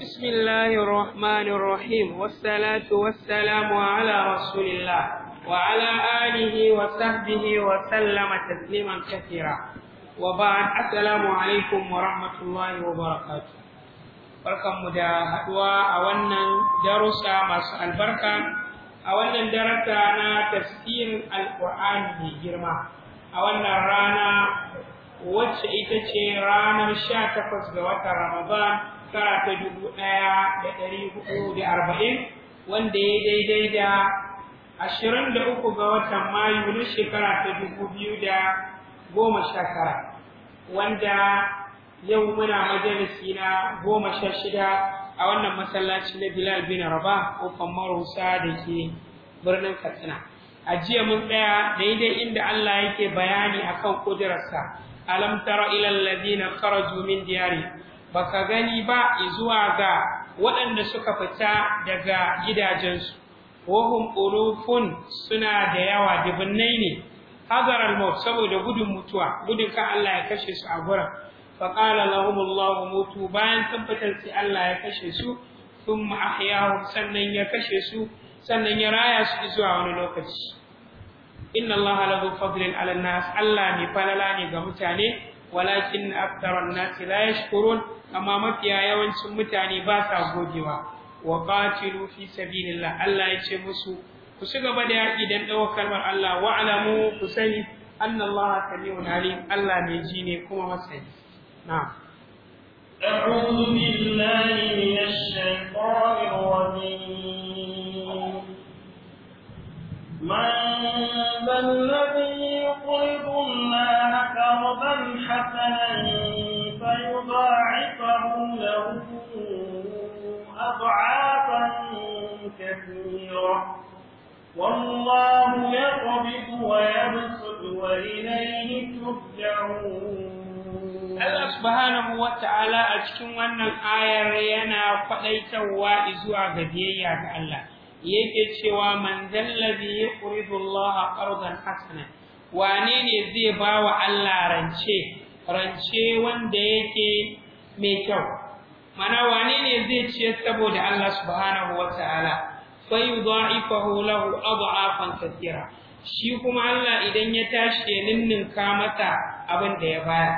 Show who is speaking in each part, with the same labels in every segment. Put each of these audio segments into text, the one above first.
Speaker 1: بسم الله الرحمن الرحيم والصلاة والسلام على رسول الله وعلى آله وصحبه وسلم تسليما كثيرا وبعد السلام عليكم ورحمة الله وبركاته barkanmu da haɗuwa a wannan darussa masu albarka a wannan darasa na tafsirin alƙur'ani mai girma a wannan rana wacce ita ce ranar sha takwas ga watan ramadan shekara ta dubu ɗaya da ɗari hudu da arba'in wanda ya daidai da ashirin da uku ga watan mayu na shekara ta dubu biyu da goma sha tara wanda yau muna majalisi na goma sha shida a wannan masallaci na bilal bin raba ko marusa da ke birnin katsina a jiya mun tsaya daidai inda allah yake bayani akan kudurarsa alam tara ilal ladina kharaju min diyari baka gani ba zuwa ga waɗanda suka fita daga gidajensu wahum urufun suna da yawa dibinnai ne hazar al saboda gudun mutuwa gudun ka Allah ya kashe su a gurin fa qala lahum mutu bayan tabbatar sai Allah ya kashe su thumma ahyahum sannan ya kashe su sannan ya raya su zuwa wani lokaci inna Allah lahu fadlin 'ala nas Allah mai falala ne ga mutane walakin aktaran nasi la yashkurun amma mafiya yawancin mutane ba sa gogewa wa qatilu fi sabilillah Allah ya ce musu ku ci gaba da yaki dan dawo kalmar Allah wa alamu ku sani anna Allah samiun alim Allah ne ji ne kuma masani na'am
Speaker 2: أعوذ بالله من الشيطان الرجيم من بلغ حسنا فيضاعفه له أضعافا كثيرة والله يقبض ويبسط وإليه ترجعون Allah subhanahu
Speaker 1: wa ta'ala a cikin wannan ayar yana faɗaitarwa zuwa ga biyayya ga Allah, yake cewa man zallabi ya ƙuridu Allah a ƙarzan hasana, wane ne zai ba wa Allah rance rance wanda yake mai kyau mana wane ne zai ciyar saboda Allah subhanahu wataala fa yudha'ifahu lahu adha'afan kathira shi kuma Allah idan ya tashi ya ninninka mata abin da ya baya.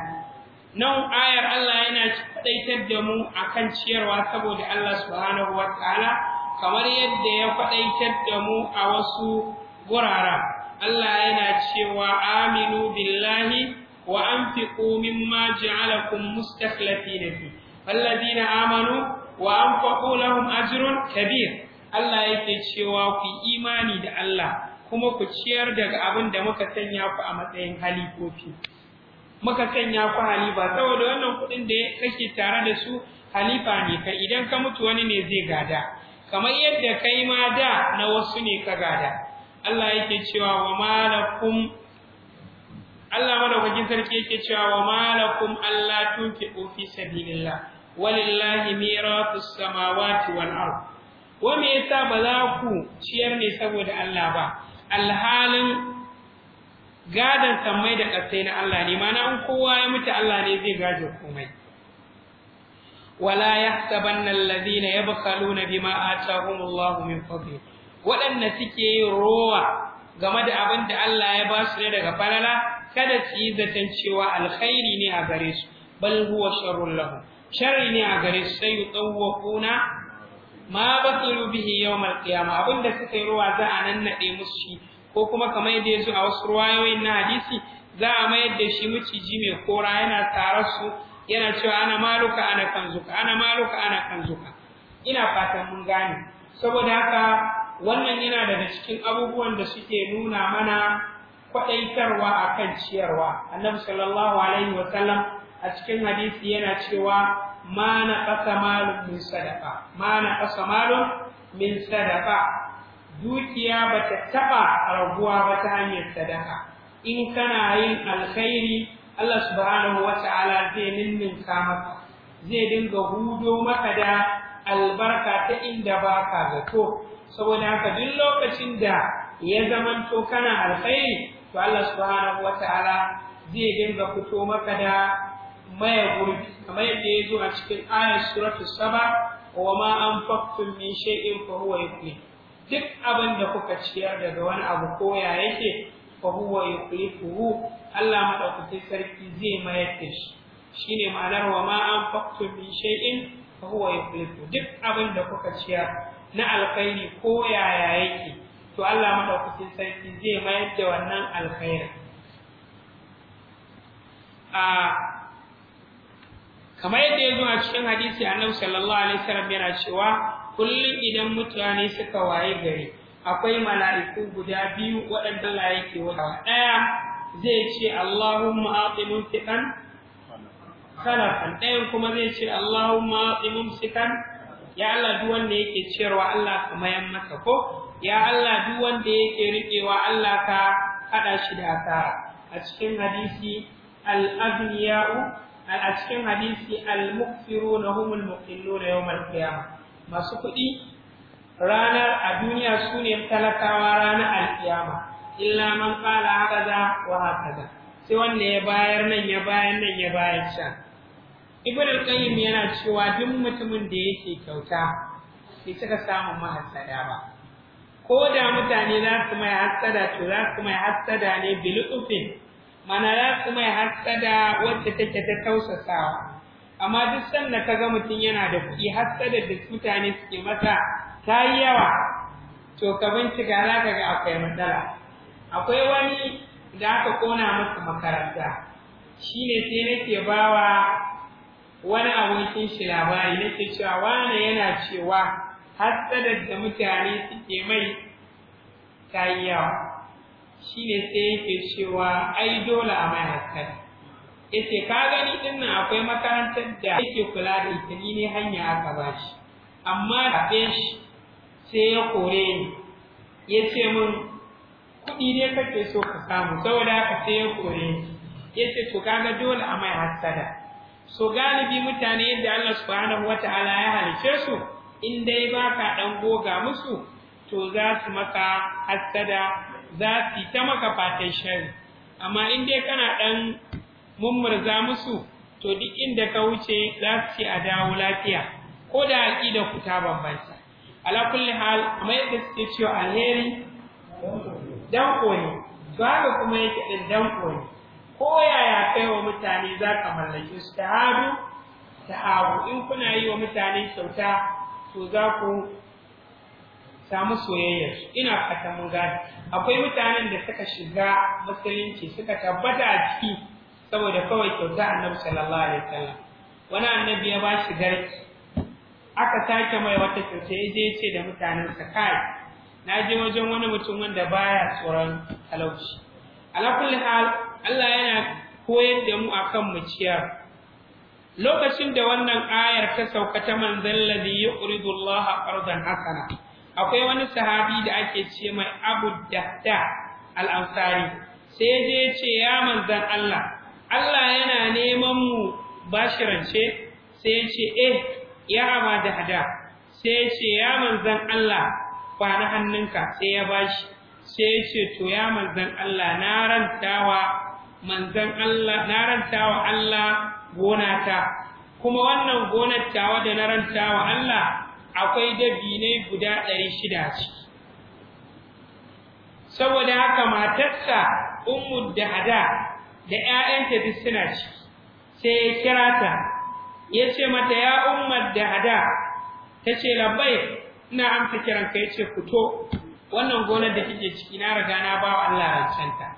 Speaker 1: nan ayar Allah yana faɗaitar da mu akan ciyarwa saboda Allah subhanahu wataala kamar yadda ya faɗaitar da mu a wasu gurara Allah yana cewa aminu billahi wa anfiqu mimma ja'alakum mustakhlifina fi alladhina amanu wa anfaqu lahum ajrun kabir Allah yake cewa ku imani da Allah kuma ku ciyar daga abin da muka sanya ku a matsayin halifofi muka sanya ku halifa saboda wannan kuɗin da kake tare da su halifa ne ka idan ka mutu wani ne zai gada kamar yadda kai ma da na wasu ne ka gada Allah yake cewa wa malakum Allah madaukakin sarki yake cewa wa malakum alla tunfiqu fi sabilillah walillahi miratus samawati wal yasa ba za ku ciyar ne saboda Allah ba alhalin gadan sammai da kasai na Allah ne mana an kowa ya mutu Allah ne zai gaje komai wala yahsabanna alladhina yabkhaluna bima atahumullahu min fadli waɗanda suke rowa game da abin da Allah ya basu ne daga falala kada su yi zaton cewa alkhairi ne a gare su bal huwa sharrun lahu sharri ne a gare su sai yutawwaquna ma basiru bihi yawm alqiyama abinda suka yi ruwa za a nannade musu shi ko kuma kamar yadda su a wasu ruwayoyin na hadisi za a mayar da shi miciji mai kora yana tare su yana cewa ana maluka ana kanzuka ana maluka ana kanzuka ina fatan mun gane saboda haka wannan yana daga cikin abubuwan da suke nuna mana kwaɗaitarwa a kan ciyarwa annabi sallallahu alaihi wasallam a cikin hadisi yana cewa ma na ƙasa malum min sadaka ma na ƙasa malum min sadaka dukiya ba ta taɓa raguwa ba ta hanyar sadaka in kana yin alkhairi Allah subhanahu wa ta'ala zai ninninka maka zai dinga hudo maka da albarka ta inda baka zato saboda haka duk lokacin da ya zamanto kana alkhairi to Allah subhanahu wataala zai dinga fito maka da maye gurbi kamar yadda ya zo a cikin ayat suratu saba wa ma anfaqtum min shay'in fa huwa yuflih duk abin da kuka ciyar daga wani abu ko ya yake fa huwa fu Allah madaukakin sarki zai mayar da shi shine ma'anar wa ma anfaqtum min shay'in fa huwa yuflihu duk abin da kuka ciyar na alkhairi ko yaya yake to Allah madaukakin sarki zai mayar da wannan alkhairi a kamar yadda ya zo a cikin hadisi annabi sallallahu alaihi wasallam yana cewa kullum idan mutane suka waye gari akwai mala'iku guda biyu waɗanda la yake wata ɗaya zai ce Allahumma ati mumsikan salafan ɗayan kuma zai ce Allahumma ati mumsikan ya Allah duk wanda yake cewa Allah ka mayar masa ko ya Allah duk wanda yake riƙewa Allah ka haɗa shi da ka a cikin hadisi al-abniya'u a cikin hadisi al hum al muqilluna al qiyamah masu kuɗi ranar a duniya sune talakawa ranar al-qiyama illa man qala hakaza wa hakaza sai wanda ya bayar nan ya bayar nan ya bayar sha ibn al-qayyim yana cewa duk mutumin da yake kyauta bai cika samu mahasada ba ko da mutane za su mai hassada to za su mai hassada ne bilutufin mana za su mai hassada wacce take ta tausasawa amma duk sanda ga mutum yana da kuɗi hassada da mutane suke masa ta yi yawa to ka bincika za ka ga akwai matsala akwai wani da aka kona masa makaranta Shi ne sai nake bawa wani abokin shi labari nake cewa wane yana cewa hassadar da mutane suke mai ta yawa shi ne sai yake cewa ai dole a mai hassada ya ce ka gani dinnan akwai makarantar da yake kula da ita ni ne hanya aka ba shi amma da shi sai ya kore ni ya ce min kuɗi ne kake so ka samu saboda haka sai ya kore ni ya ce to kaga dole a mai hassada so galibi mutane yadda Allah subhanahu Ta'ala ya halice su in dai ba ka ɗan goga musu to za su maka hassada za su ta maka fatan shari amma in dai kana ɗan mummurza musu to duk inda ka wuce za su ce a dawo lafiya ko da aƙida ku ta bambanta ala kulli hal amma yadda suke cewa alheri dan koyi to haka kuma yake ɗin dan koyi ko yaya kai wa mutane za ka mallake su ta haɗu ta abu in kuna yi wa mutane kyauta to za ku samu soyayya ina fata mun gane akwai mutanen da suka shiga musulunci suka tabbata a ciki saboda kawai kyauta annabi sallallahu alaihi wasallam wani annabi ya ba shi garki aka sake mai wata kyauta ya je ce da mutanen sa kai na je wajen wani mutum wanda baya tsoron talauci ala kulli hal Allah yana koyar da mu akan mu lokacin da wannan ayar ta sauka ta manzon ladhi yuridu Allah qardan hasana akwai wani sahabi da ake ce mai Abu Dahda al-Ansari sai je ce ya manzon Allah Allah yana neman mu bashirance sai ya ce eh ya Abu Dahda sai ya ce ya manzon Allah kwana hannunka sai ya bashi sai ya ce to ya manzon Allah na rantawa manzon Allah na rantawa Allah gonata kuma wannan gonar tawa da na ranta wa Allah akwai ne guda ɗari shida saboda haka matarsa ummu da hada da 'ya'yanta duk suna ciki sai ya kira ta ya ce mata ya ummu da hada ta ce labbai ina amsa kiran ka ya ce fito wannan gonar da kike ciki na riga na ba wa Allah rancanta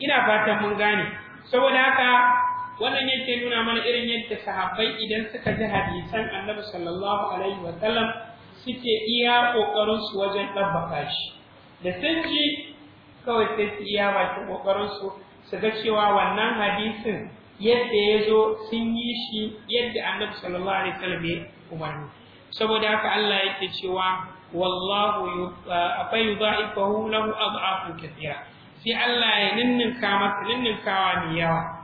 Speaker 1: ina fatan mun gane saboda haka wannan yake nuna mana irin yadda sahabbai idan suka ji hadisan annabi sallallahu alaihi wa sallam suke iya kokarin su wajen dabbaka shi da sun ji kawai sai su iya bakin kokarin su su ga cewa wannan hadisin yadda ya zo sun yi shi yadda annabi sallallahu alaihi wa sallam ya umarni saboda haka Allah yake cewa wallahu afa yudha'ifahu lahu ad'afun kathira sai Allah ya ninninka masa ninninkawa mai yawa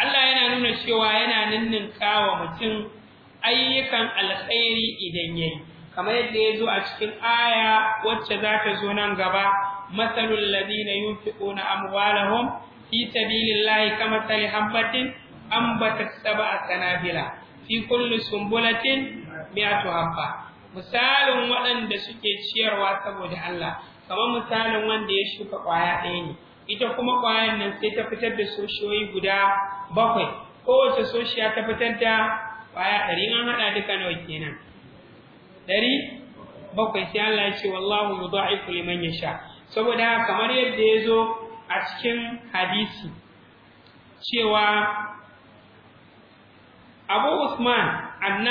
Speaker 1: Allah yana nuna cewa yana ninninka wa mutum ayyukan alkhairi idan yayi kamar yadda ya zo a cikin aya wacce za ta zo nan gaba masalul ladina yunfiquna amwalahum fi sabilillahi kamathali habatin ambatat sab'a sanabila fi kulli sumbulatin mi'atu habba misalin waɗanda suke ciyarwa saboda Allah kamar misalin wanda ya shuka kwaya ɗaya ne ita kuma ƙwayar nan sai ta fitar da soshiyoyi guda bakwai kowace soshiya ta fitar da ƙwaya ɗari an haɗa duka nawa kenan ɗari bakwai sai Allah ya ce wallahu mudha'ifu liman yasha saboda kamar yadda ya zo a cikin hadisi cewa Abu Usman an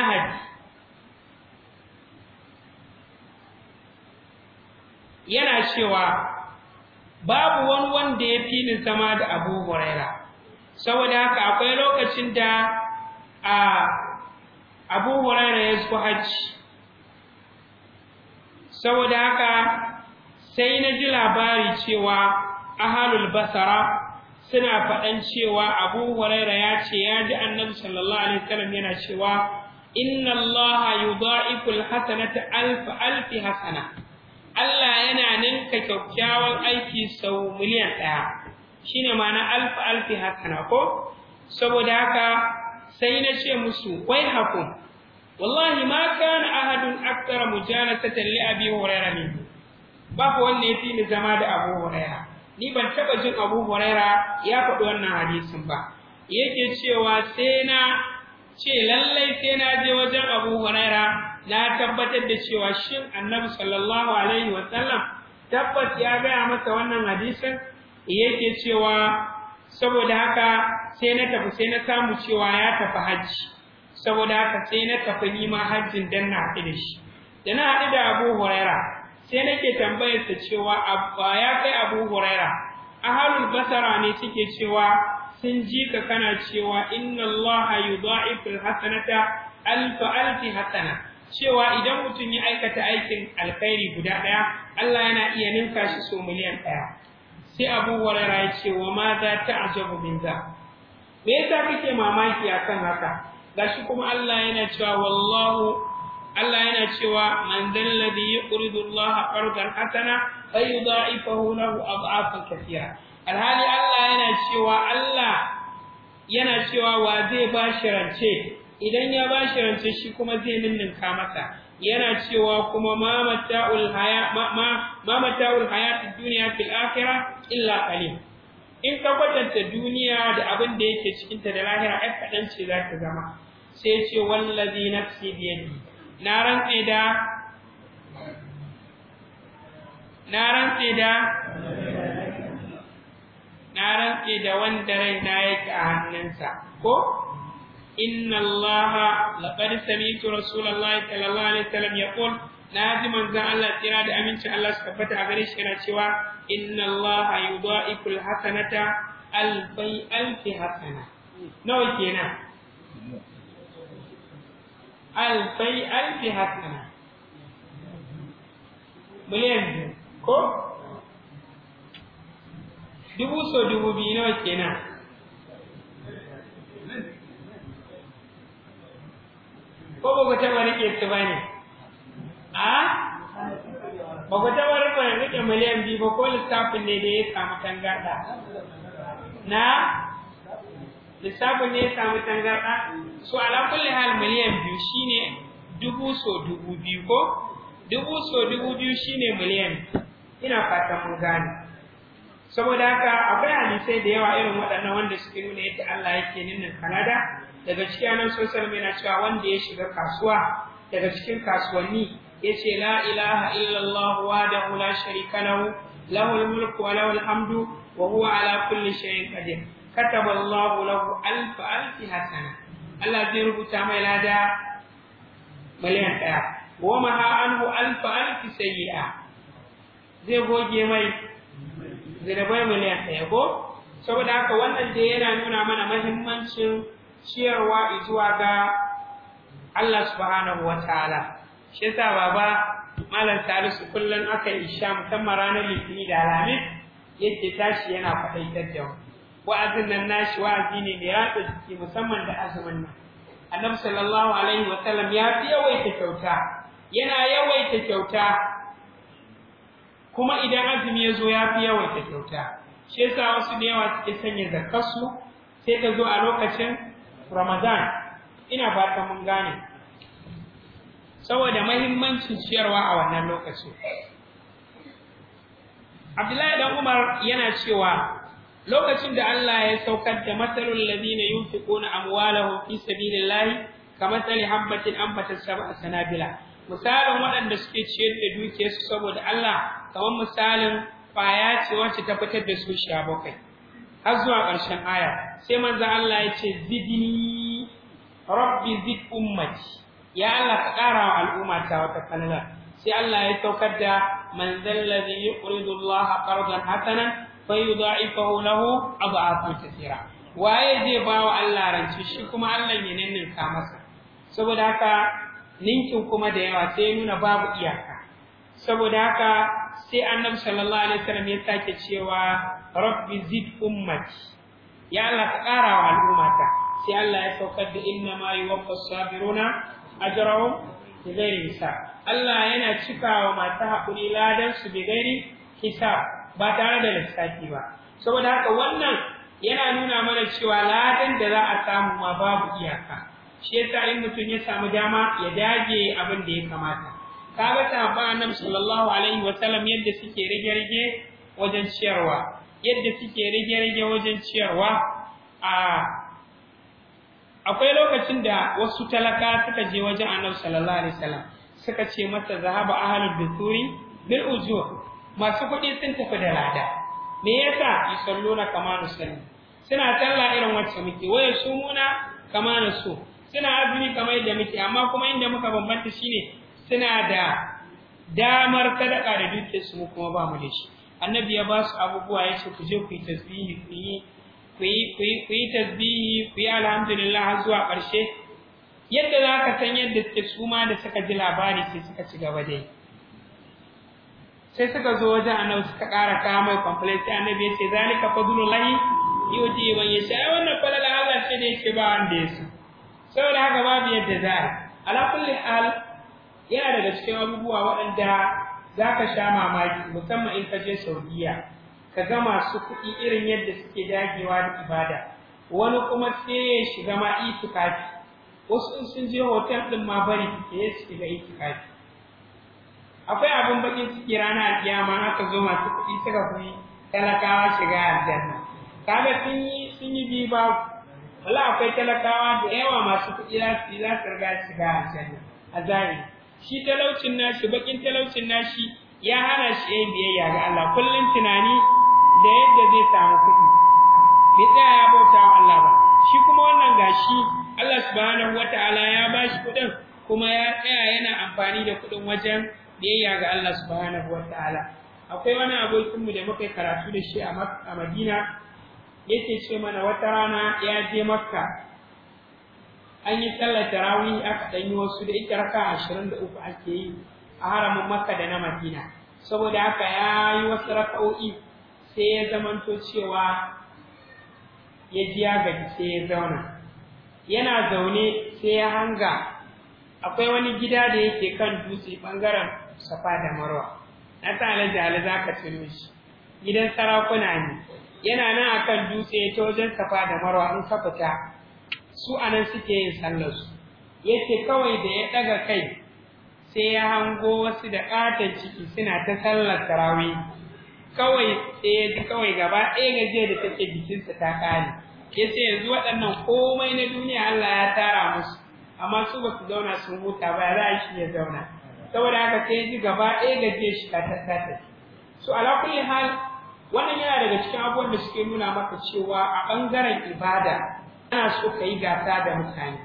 Speaker 1: yana cewa babu wani wanda ya fi min sama da abu huraira saboda haka akwai lokacin da a abu huraira ya zo hajji saboda haka sai na ji labari cewa ahalul basara suna faɗan cewa abu huraira ya ce ya ji annabi sallallahu alaihi wasallam yana cewa inna allaha yudha'ifu hasanata alf alf hasana Allah yana ninka kyakkyawan aiki sau miliyan ɗaya Shi shine ma'ana alfi alfi na ko saboda haka sai na ce musu wai haku wallahi ma ahadin ahadun mu mujalasatan li abi ne ba ku wanne fi ni zama da abu horaira ni ban taba jin abu horaira ya faɗi wannan hadisin ba yake cewa sai na ce lallai sai na je wajen abu horaira na tabbatar da cewa shin annabi sallallahu alaihi wa sallam tabbas ya gaya masa wannan hadisin eh, yake cewa saboda haka sai na tafi sai na samu cewa ya tafi hajji saboda haka sai na tafi nima hajjin dan na haɗu da shi da na haɗu da abu huraira sai nake tambayar ta cewa ya kai abu huraira ahalul basara ne suke cewa sun ji ka kana cewa inna allaha yudha'ifu alhasanata alfa alfi hasana cewa idan mutum ya aikata aikin alkhairi guda ɗaya Allah yana iya ninka shi so miliyan ɗaya sai Abu Hurairah ya ce wa ma za ta ajabu min za me yasa kake mamaki akan haka gashi kuma Allah yana cewa wallahu Allah yana cewa man dal ladhi yuridu Allah qardan hasana fayudha'ifahu lahu adha'afan katira alhali Allah yana cewa Allah yana cewa wa zai bashi rance idan ya ba shi rance shi kuma zai ninninka masa yana cewa kuma ma mata'ul haya ma hayatid dunya fil akhirah illa qalil in ka kwatanta duniya da abin da yake cikin ta da lahira ai kadan ce za ta zama sai ce wallazi nafsi bi yadi na rantsa da na rantsa da na rantsa da wanda raina yake a hannunsa ko إن الله لقد سمعت رسول الله صلى الله عليه وسلم يقول نادي من زعل الله تراد أمين الله سبحانه أغريش أنا شوى إن الله يضاعف الحسنة ألف ألف حسنة نوي كينا ألف ألف حسنة مليون ko dubu so dubu biyu nawa kenan ko ba ku taɓa riƙe su ba ne a
Speaker 2: ba ku taɓa riƙe miliyan
Speaker 1: biyu ba ko lissafin ne da ya samu tangarɗa na lissafin ne ya samu tangarɗa Su ala kulli hal miliyan biyu shi ne dubu so dubu biyu ko dubu so dubu biyu shi ne miliyan ina fatan mun gane saboda haka akwai hadisai da yawa irin waɗannan wanda suke nuna yadda Allah yake nuna Kanada daga cikin annabi sallallahu alaihi yana cewa wanda ya shiga kasuwa daga cikin kasuwanni yace la ilaha illallah wahdahu la sharika lahu lahul mulku wa lahul hamdu wa huwa ala kulli shay'in qadir kataba allah lahu alf alf hasana Allah zai rubuta mai lada miliyan ɗaya wa ma ha anhu alf alf sayyi'a zai goge mai bai miliyan ɗaya ko saboda haka wannan da yana nuna mana mahimmancin ciyarwa zuwa ga Allah subhanahu wataala shi yasa baba malam Salisu kullun aka isha musamman ranar litini da alamin yake tashi yana faɗaitar da wa'azin nan nashi wa'azi ne ya ratsa jiki musamman da azumin nan annabi sallallahu alaihi wa sallam ya fi yawaita kyauta yana yawaita kyauta kuma idan azumi ya zo ya fi yawaita kyauta shi yasa wasu da yawa suke sanya zakkarsu sai ka zo a lokacin Ramadan ina fata mun gane saboda muhimmancin ciyarwa a wannan lokaci Abdullahi dan Umar yana cewa lokacin da Allah ya saukar da masalul ladina yunfiquna amwalahum fi sabilillahi kamathali habatin anbatat sab'a sanabila misalin waɗanda suke ciyar da dukiyarsu saboda Allah kamar misalin kwaya ce wacce ta fitar da su sha bakwai har zuwa ƙarshen aya sai manzan Allah ya ce zidni rabbi zid ummati ya Allah ka ƙara wa al'umma ta wata kalala sai Allah ya saukar da man zallazi yuqridu Allah qardan hasanan fayudha'ifahu lahu ad'afan kathira waye zai ba wa Allah rance shi kuma Allah ya ka masa saboda haka ninkin kuma da yawa sai nuna babu iyaka saboda haka sai annabi sallallahu alaihi wasallam ya sake cewa rabbi zid ummati ya Allah wa al'ummata sai Allah ya saukar da inna ma yuwaffas sabiruna ajrahum bi ghairi hisab Allah yana cikawa mata hakuri ladan su bi ghairi hisab ba tare da lissafi ba saboda haka wannan yana nuna mana cewa ladan da za a samu ma babu iyaka shi yasa in mutum ya samu dama ya dage abin da ya kamata Ka ta ba annabi sallallahu alaihi wa sallam yadda suke rage-rage wajen ciyarwa yadda suke rage-rage wajen ciyarwa a akwai lokacin da wasu talaka suka je wajen annabi sallallahu alaihi wasallam suka ce masa zahaba ahlul dusuri bil ujur masu kuɗi sun tafi da lada me yasa yusalluna kama nusalli suna talla irin wacce muke waya Muna kama nusu suna azumi kamar yadda muke amma kuma inda muka bambanta shine suna da damar sadaka da dukiyarsu mu kuma ba mu da shi annabi ya ba su abubuwa ya ce ku je ku yi tasbihi ku yi ku yi tasbihi ku yi alhamdulillah zuwa ƙarshe yadda za ka san yadda suke su da suka ji labari sai suka ci gaba dai sai suka zo wajen annabi suka ƙara kawo mai complaint sai annabi ya ce zalika fadlullahi yuti man yasha wannan falala Allah ce da yake ba wanda ya so saboda haka babu yadda za a ala kulli hal yana daga cikin abubuwa waɗanda za ka sha mamaki musamman in ka je saudiya ka ga masu kuɗi irin yadda suke dagewa da ibada wani kuma sai ya shiga ma itikafi wasu in sun je hotel ɗin ma bari suke ya shiga itikafi akwai abin bakin ciki rana alkiyama ka zo masu kuɗi suka fi talakawa shiga aljanna kaga sun yi sun yi biyu babu wala akwai talakawa da yawa masu kuɗi za su za su riga shiga aljanna a zahiri shi talaucin nashi bakin talaucin nashi ya hana shi yin biyayya ga Allah kullum tunani da yadda zai samu kuɗi bai tsaya ya bauta wa Allah ba shi kuma wannan gashi Allah subhanahu wataala ya bashi kuɗin kuma ya tsaya yana amfani da kuɗin wajen biyayya ga Allah subhanahu wataala akwai wani abokinmu da muka karatu da shi a Madina yake ce mana wata rana ya je Makka an yi sallar tarawih aka dan yi wasu da ita raka 23 ake yi a haramin Makka da na Madina saboda haka ya yi wasu raka'o'i sai ya zamanto cewa ya ji ya gaji sai ya zauna yana zaune sai ya hanga akwai wani gida da yake kan dutse bangaren safa da marwa na san alajali za ka tuno shi gidan sarakuna ne yana nan akan dutse ta wajen safa da marwa in ka fita su anan suke yin sallar su yace kawai da ya ɗaga kai sai ya hango wasu da ƙaton ciki suna ta sallar tarawih kawai sai ya ji kawai gaba ɗaya gajiyar da take jikinsa ta kare yace yanzu waɗannan komai na duniya Allah ya tara musu amma su ba su zauna sun huta ba za shi ya zauna saboda haka sai ya ji gaba ɗaya gajiyar shi ta tattata Su ala kulli hal wannan yana daga cikin abubuwan da suke nuna maka cewa a ɓangaren ibada ana so ka yi gasa da mutane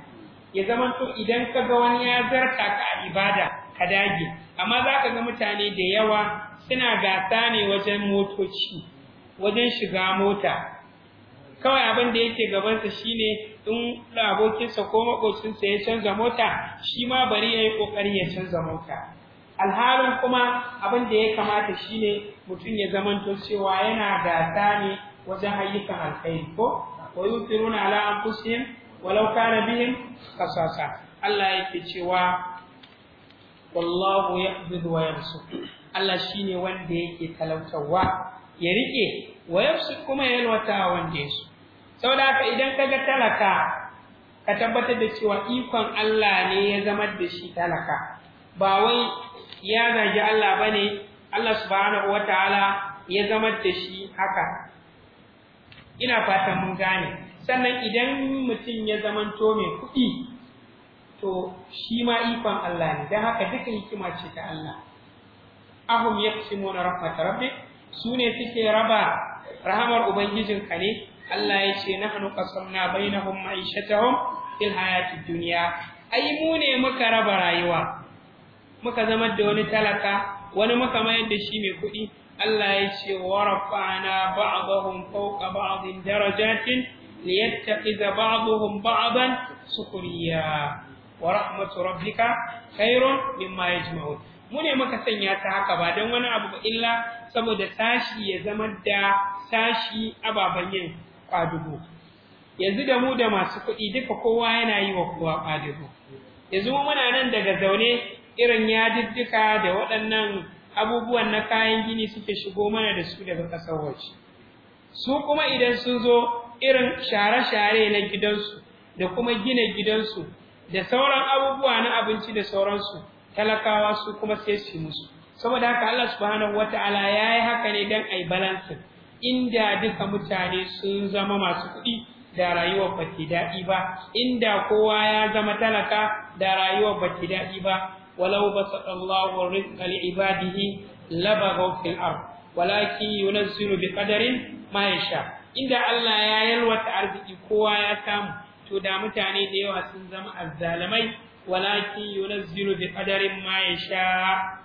Speaker 1: ya zama to idan ka ga wani ya zarta ka a ibada ka dage amma za ka ga mutane da yawa suna gasa ne wajen motoci wajen shiga mota kawai abin da yake gabansa shine in abokinsa ko makocinsa ya canza mota shi ma bari ya yi ƙoƙari ya canza mota alhalin kuma abin da ya kamata shine mutum ya zamanto cewa yana gasa ne wajen ayyukan alkhairi ko ويؤثرون على أنفسهم ولو كان بهم خصاصة الله يكتشوا والله يقبض ويبسط الله شيني وندي يكي تلوتوا يريكي ويبسط كما يلوتا وندي saboda haka idan kaga talaka ka tabbatar da cewa ikon Allah ne ya zama da shi talaka ba wai ya zagi Allah bane Allah subhanahu wataala ya zamar da shi haka ina fatan mun gane sannan idan mutum ya zamanto mai kuɗi to shi ma ikon Allah ne don haka duka hikima ce ta Allah ahum yaqsimuna rabbi? Su ne suke raba rahamar ka ne Allah ya ce na hannu bai hun qasamna bainahum hun fil hayati duniya. ai mu ne muka raba rayuwa muka zama da wani talaka wani muka mayar da shi mai kuɗi Allah ya ce wa rafa'ana ba'dahum fawqa ba'din darajatin liyattakhidha ba'dahum ba'dan sukriya wa rahmatu rabbika khairun mimma yajma'un mu ne muka sanya ta haka ba dan wani abu ba illa saboda tashi ya zama da tashi ababan yin kwadugo yanzu da mu da masu kuɗi duka kowa yana yi wa kowa kwadugo yanzu mu muna nan daga zaune irin yadiddika da waɗannan abubuwan na kayan gini suke shigo mana da su daga ƙasar waje su kuma idan sun zo irin share-share na gidansu da kuma gina gidansu da sauran abubuwa na abinci da sauransu talakawa su kuma sai su musu saboda haka Allah subhanahu wataala yi haka ne dan ai balance inda duka mutane sun zama masu kuɗi da rayuwa ba ta daɗi ba inda kowa ya zama talaka da rayuwa ba ta daɗi ba ولو بسط الله الرزق لعباده لبغوا في الأرض ولكن ينزل بقدر ما يشاء inda Allah ya yalwata arziki kowa ya samu to da mutane da yawa sun zama azzalamai walakin yunazzilu bi qadarin ma yasha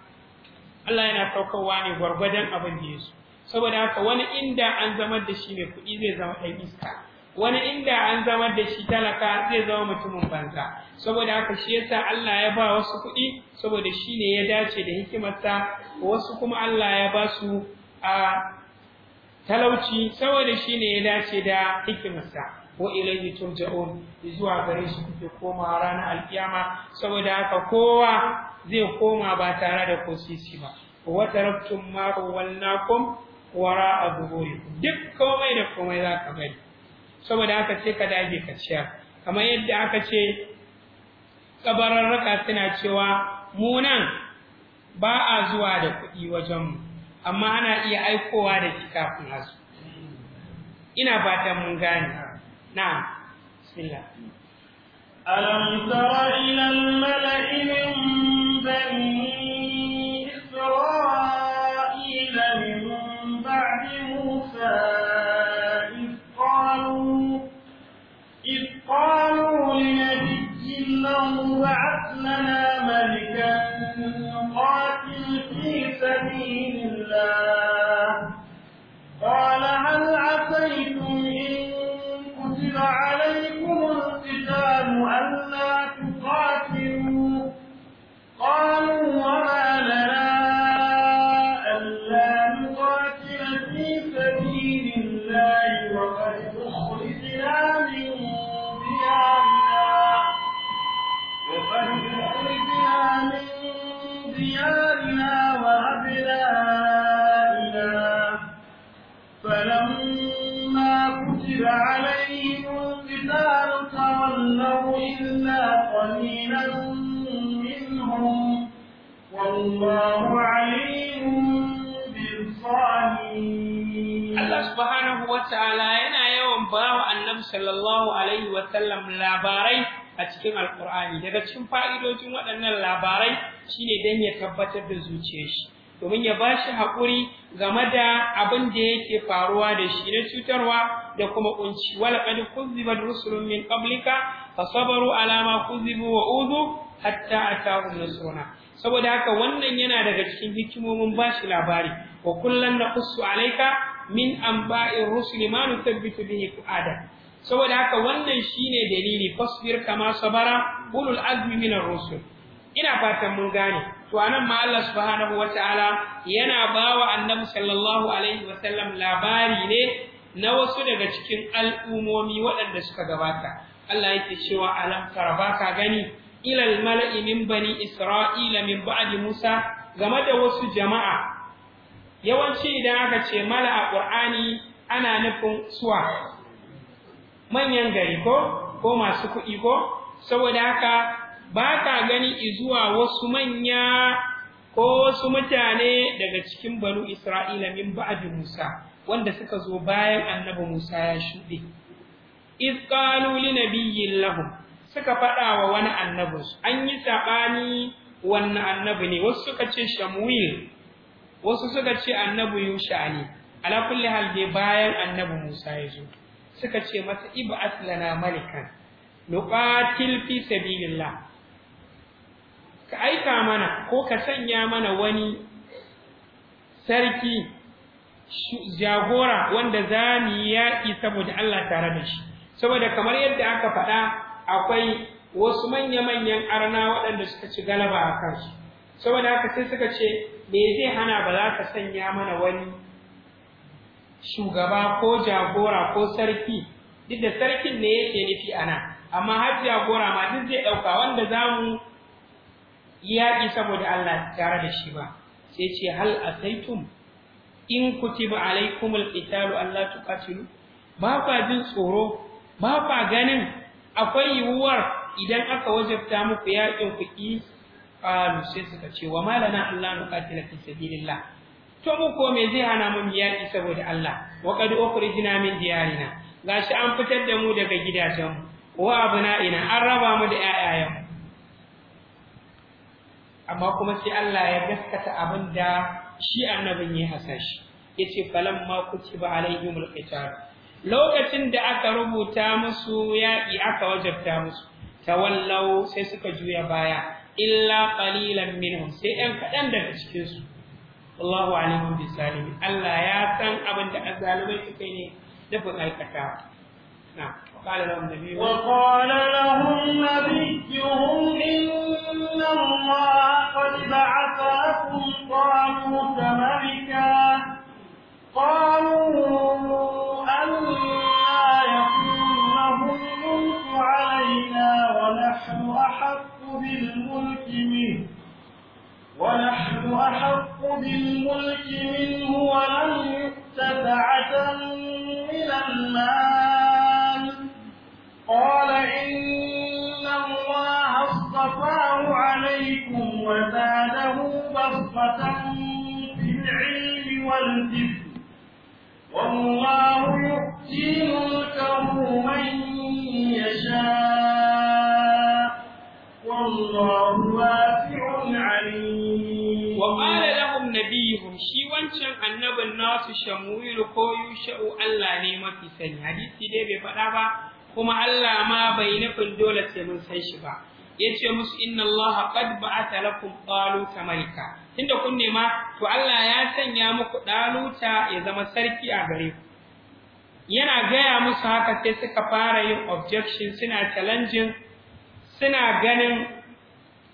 Speaker 1: Allah yana saukarwa ne gwargwadon abin da yaso saboda haka wani inda an zama da shi mai kuɗi zai zama dan iska wani inda an zama da shi talaka zai zama mutumin banza saboda haka shi yasa Allah ya ba wasu kuɗi saboda shi ne ya dace da hikimarsa wasu kuma Allah ya ba su a talauci saboda shi ne ya dace da hikimarsa ko ilayhi turja'un zuwa gare shi kuke koma ranar alkiyama saboda haka kowa zai koma ba tare da kosisi ba wa taraktum ma wallakum wara'a zuhurikum duk komai da komai za ka bari saboda aka ce ka dage ka ciyar kamar yadda aka ce raka suna cewa munan, ba a zuwa da kuɗi wajenmu amma ana iya aikowa da shi kafin hasu ina fatan mun gane na bismillah alam tara
Speaker 2: ila al mala'i min bani isra'ila min ba'di musa وبعث لنا ملكا قاتل في سبيل الله قال هل عسيتم إن كتب عليكم القتال ألا تقاتلوا
Speaker 1: قالوا وما لنا
Speaker 2: لنا من ديارنا وأبنائنا فلما كتب عليهم القتال تولوا إلا قليلا منهم والله عليم بالظالمين الله سبحانه وتعالى ينا يوم باو النبي
Speaker 1: صلى الله عليه وسلم لا باري a cikin alkur'ani daga cikin fa'idojin waɗannan labarai shine dan ya tabbatar da zuciyar shi domin ya ba shi haƙuri game da abin da yake faruwa da shi na cutarwa da kuma ƙunci wala qad kuzzibat rusulun min qablika fasabaru ala ma kuzzibu wa udhu hatta atahum saboda haka wannan yana daga cikin hikimomin ba shi labari wa na naqussu alayka min anba'i rusuli ma nusabbitu bihi qada saboda haka wannan shine dalili fasbir kama sabara ulul azmi minar rusul ina fatan mun gane to anan ma Allah subhanahu wataala yana bawa annabi sallallahu alaihi wasallam labari ne na wasu daga cikin al'umomi waɗanda suka gabata Allah yake cewa alam ka gani ilal mala'i min bani isra'ila min ba'di musa game da wasu jama'a yawanci idan aka ce mala'a qur'ani ana nufin suwa manyan gari ko ko masu kuɗi ko saboda haka ba ka gani izuwa wasu manya ko wasu mutane daga cikin banu isra'ila min ba'di musa wanda suka zo bayan annabi musa ya shuɗe iz qalu li nabiyyin lahum suka faɗa wa wani annabi an yi saɓani wannan annabi ne wasu suka ce shamuil wasu suka ce annabi yusha ne ala kulli hal dai bayan annabi musa ya zo suka ce masa ib'ath aslana malikan nuqatil fi sabilillah ka aika mana ko ka sanya mana wani sarki jagora wanda za mu yaƙi saboda Allah tare da shi saboda kamar yadda aka faɗa akwai wasu manya-manyan arna waɗanda suka ci galaba a kansu saboda haka sai suka ce me zai hana ba za ka sanya mana wani shugaba ko jagora ko sarki duk da sarkin ne yake nufi ana amma har jagora ma duk zai ɗauka wanda za mu yaƙi saboda Allah tare da shi ba sai ce hal asaitum in kutiba alaikumul qitalu alla tuqatilu ba fa jin tsoro ba fa ganin akwai yiwuwar idan aka wajabta muku yaƙin ku ki qalu sai suka ce wa malana Allah nuqatila fi sabilillah to mu ko me zai hana mu yaki saboda Allah wa qad ukhrijna min diyarina gashi an fitar da mu daga gidajen mu wa ina an raba mu da ƴaƴayenmu amma kuma sai Allah ya gaskata abin da shi annabin ya hasashi yace falamma kutiba alaihimul qitar lokacin da aka rubuta musu yaƙi aka wajabta musu tawallau sai suka juya baya illa qalilan minhum sai ɗan kaɗan daga cikinsu wallahu alimun bi zalimin Allah ya san abin da azzalumai suka ne da ba aikata na qala lahum nabiyyu wa qala lahum nabiyyuhum
Speaker 2: inna allaha qad ba'atha lakum talut malika qalu anna أحق بالملك منه ولم يؤت سعة من المال قال إن الله اصطفاه عليكم وزاده بصمة في العلم والجسم والله يؤتي ملكه من يشاء
Speaker 1: wancan annabin nasu shamuilu ko yusha'u Allah ne mafi sani hadisi dai bai faɗa ba kuma Allah ma bai nufin dole sai mun san shi ba yace musu inna Allah qad ba'atha lakum taluta malika tunda kun nema to Allah ya sanya muku daluta ya zama sarki a gare ku yana gaya musu haka sai suka fara yin objection suna challenging suna ganin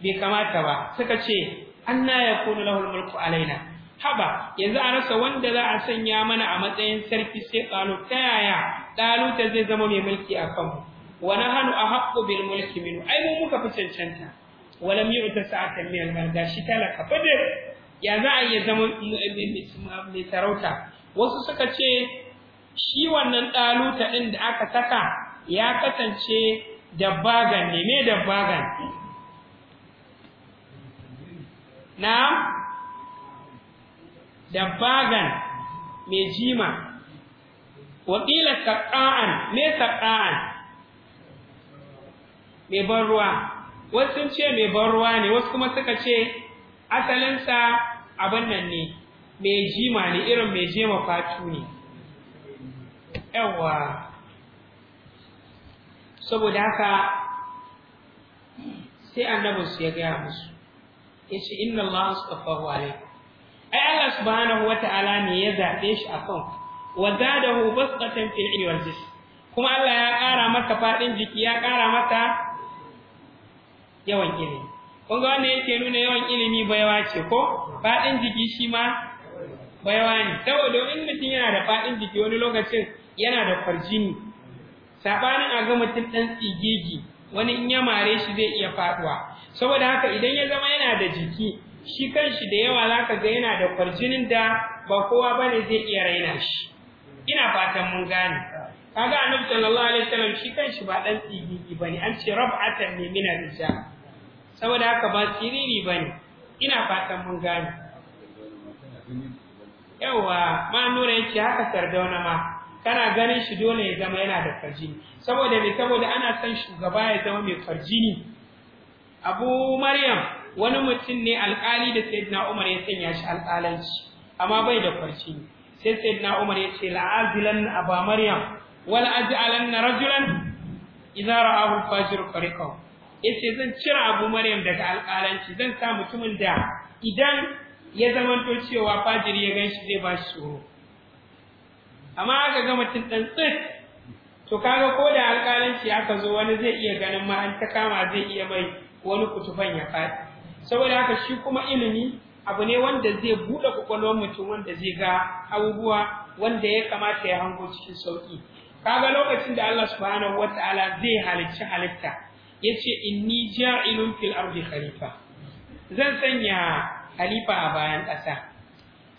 Speaker 1: bai kamata ba suka ce anna yakunu lahul mulku alaina haba yanzu a rasa wanda za a sanya mana a matsayin sarki sai ɗalu ta yaya ɗalu ta zai zama mai mulki a kanmu wa a haƙo bil mulki minu ai mu muka fi cancanta wa lam yu'ta sa'atan min al gashi talaka fadar ya za a iya zama mai sarauta wasu suka ce shi wannan ɗaluta ɗin da aka saka ya kasance dabbagan ne me dabbagan na da bagan mai jima wakila saƙa'an mai saƙa'an mai ban ruwa wasu sun ce mai ban ruwa ne wasu kuma suka ce asalinsa abin nan ne mai jima ne irin mai jima fatu ne yawa saboda haka sai annabinsu ya gaya musu ya ce inna Allah su ƙafahu alaikum ai Allah subhanahu wata'ala ne ya zabe shi a wa zadahu basqatan fil ilmi wal jism kuma Allah ya ƙara maka fadin jiki ya ƙara maka yawan ilimi kun ga wannan yake nuna yawan ilimi baiwa ce ko fadin jiki shi ma baiwa ne saboda domin mutum yana da fadin jiki wani lokacin yana da farjini sabanin a ga mutum dan tsigigi wani in ya mare shi zai iya faduwa saboda haka idan ya zama yana da jiki shi kanshi da yawa zaka ga yana da kwarjinin da ba kowa bane zai iya raina shi ina fatan mun gane kaga annabi sallallahu alaihi wasallam shi kanshi ba dan tsigigi bane an ce rab'atan ne min rijal saboda haka ba ba bane ina fatan mun gane yawa ma nura yake haka sardauna ma kana ganin shi dole ya zama yana da farjini saboda me saboda ana son shugaba ya zama mai farjini abu maryam wani mutum ne alƙali da sayyidina Umar ya sanya shi alƙalanci amma bai da farci sai sayyidina Umar ya ce la'azilan aba maryam wal na rajulan idza ra'ahu fajir fariqahu yace zan cira abu maryam daga alƙalanci zan sa mutumin da idan ya zama to cewa fajiri ya ganshi zai ba shi tsoro amma aka ga mutum dan tsit to kaga ko da alƙalanci aka zo wani zai iya ganin ma an ta kama zai iya mai wani kutufan ya fadi saboda haka shi kuma ilimi abu ne wanda zai buɗe kwakwalwar mutum wanda zai ga abubuwa wanda ya kamata ya hango cikin sauƙi ga lokacin da Allah subhanahu wataala zai halicci halitta yace inni ja'ilun fil ardi khalifa zan sanya khalifa a bayan ƙasa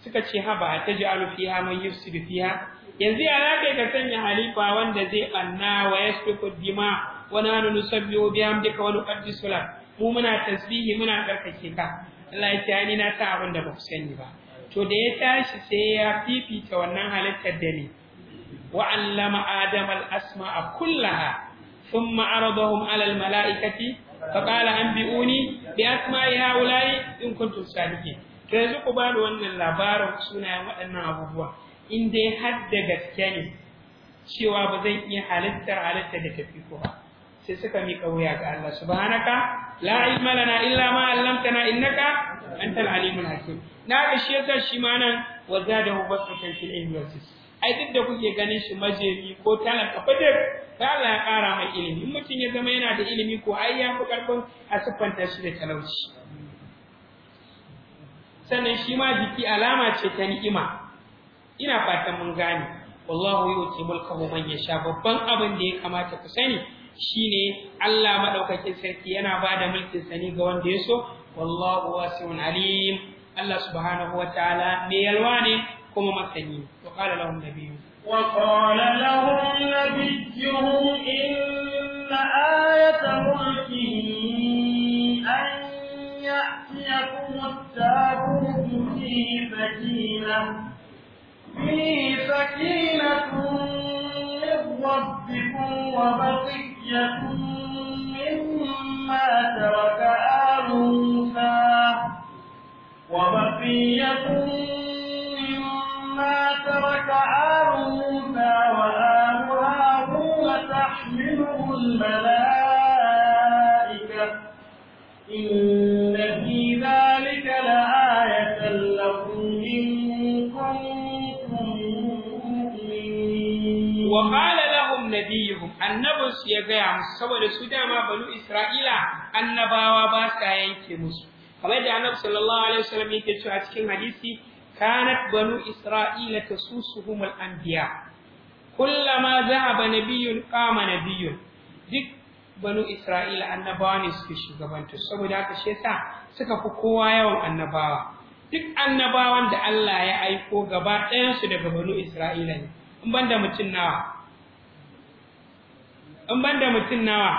Speaker 1: suka ce ha ba ta ja'alu fiha man su fiha yanzu ya zaka ka sanya halifa wanda zai banna wa wani dima wa nanu nusabbihu bihamdika wa nuqaddisu lak mu muna tasbihi muna karkake ka Allah ya ce na abin da ba ku sani ba to da ya tashi sai ya fifita wannan halittar da ni wa allama adam al a kullaha thumma aradahum ala al mala'ikati fa qala anbi'uni bi asma'i haula'i in kuntum sadiqin to yanzu ku bani wannan labarin sunayen waɗannan abubuwa in dai har da gaske ne cewa ba zan iya halittar halittar da tafi ko ba sai suka miƙa wuya ga Allah subhanaka la ilma lana illa ma 'allamtana innaka antal alimul hakim na ga shi yasa shi ma nan wa hu basatan fil ilmi wasis ai duk da kuke ganin shi majeri ko talaka fadir sai Allah ya ƙara mai ilimi in mutum ya zama yana da ilimi ko ai ya fi karfin a shi da talauci sannan shi ma jiki alama ce ta ni'ima ina fatan mun gane wallahu yuti mulkahu man yasha babban abin da ya kamata ku sani shine Allah madaukakin sarki yana bada mulkin sani ga wanda ya so wallahu wasi'un alim Allah subhanahu wataala me yalwa ne kuma masani to qala lahum nabiyyu
Speaker 2: wa qala lahum nabiyyu inna ayata mulkihi an ya'tiyakum at-tabut fi madinah في سكينة من ربكم وبقية مما ترك آل موسى وبقية مما ترك آل موسى وآل هارون تحمله الملائكة
Speaker 1: ya gaya musu saboda su dama banu Isra'ila annabawa ba sa yanke musu kamar da Annabi sallallahu alaihi wasallam yake cewa cikin hadisi kanat banu Isra'ila al anbiya kullama dhahaba nabiyyun qama nabiyyun duk banu Isra'ila annabawa ne suke shugabantu saboda haka shi yasa suka fi kowa yawan annabawa duk annabawan da Allah ya aiko gaba ɗayansu daga banu Isra'ila ne in banda mutum nawa in ban da mutum nawa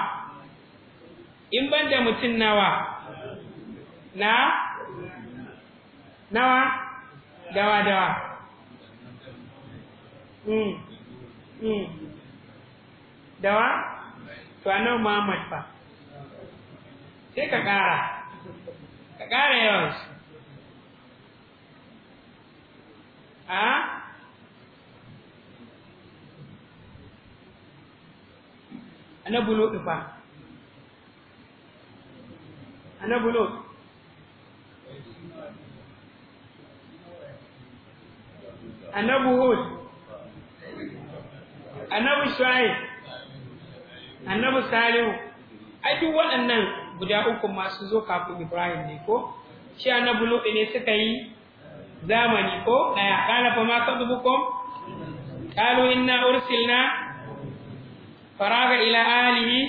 Speaker 1: in ban da mutum nawa na nawa dawa dawa mm mm dawa to annabi Muhammad fa
Speaker 2: sai ka kara ka
Speaker 1: kara yawan a ah? annabi lodi fa annabi lodi
Speaker 2: annabi hud annabi shu'aib
Speaker 1: annabi salihu ai duk waɗannan guda uku masu zo kafin ibrahim ne ko shi annabi lodi ne suka yi zamani ko daya kana fa ma kadhubukum qalu inna ursilna faraga ila alihi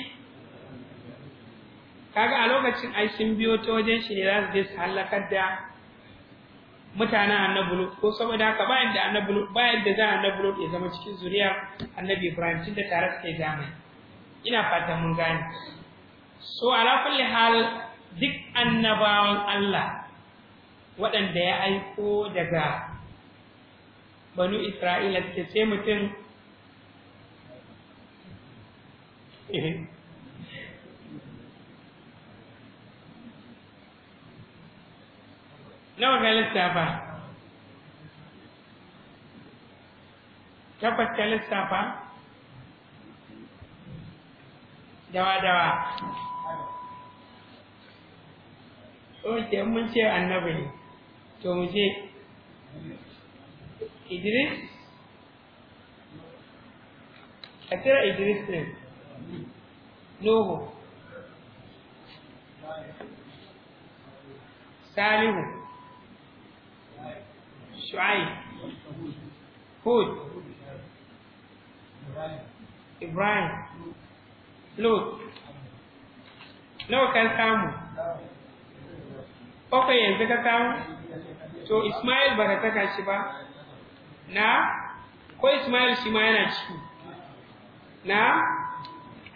Speaker 1: kaga a lokacin ai sun biyo ta wajen shi ne za su je su da mutanen annabi ko saboda haka bayan da annabi bayan da za annabi ya zama cikin zuriya, annabi Ibrahim tunda tare suke zamani ina fatan mun gane so ala kulli hal duk annabawan Allah waɗanda ya aiko daga banu Isra'ila suke ce mutum Eh. nawa ka lissafa tabbas ka lissafa dawa dawa ok mun ce annabi ne to mu ce idris a tira idris ne nuhu salihu shu'aib hud ibrahim lut nawa kan samu bakwai yanzu ka samu to ismail ba ka saka shi ba na ko ismail shi yana na